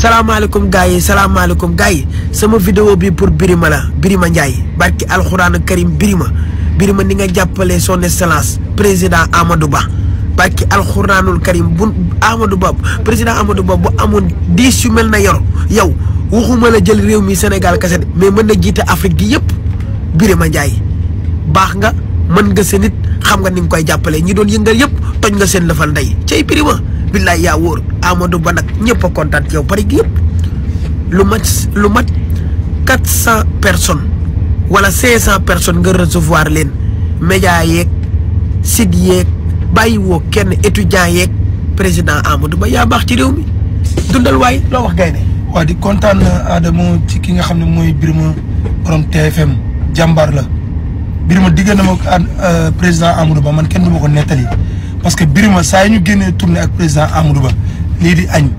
salaamaaleykum gars yi salaamaaleykum gaa yi sama vidéo bi pour Birima la Birima Ndiaye barki alxuraan karim Birima Birima ni nga jàppale son excellence président Amadou Ba barki alxuraanul karim bu Amadou Ba président Amadou Ba bu amoon dix yu mel na yor yow waxuma la jël réew mi Sénégal kese mais mën na jiite Afrique gi yëpp Birima Ndiaye baax nga mën nga sa nit xam nga ni nga koy jàppale ñi doon yëngal yëpp toj nga seen lëfal ndey cey Birima billaay yaa wóor Amadou Ba nag ñëpp a kontaan yow gi yëpp lu mat lu mat quatre cent personne wala cinq cent personne nga recevoir leen média yeeg site yeeg bàyyiwoo kenn étudiant yeeg président Amadou Ba yaa baax ci réew mi dundal waay loo wax gaynde waa di kontaan Adamo ci ki nga xam ne mooy Birima borom TFM jàmbaar la Birima diggante ma euh, président Amadou Ba man kenn du ko nettali. parce que Birima saa yi ñu génnee tournée ak président Amadou Ba lii di añ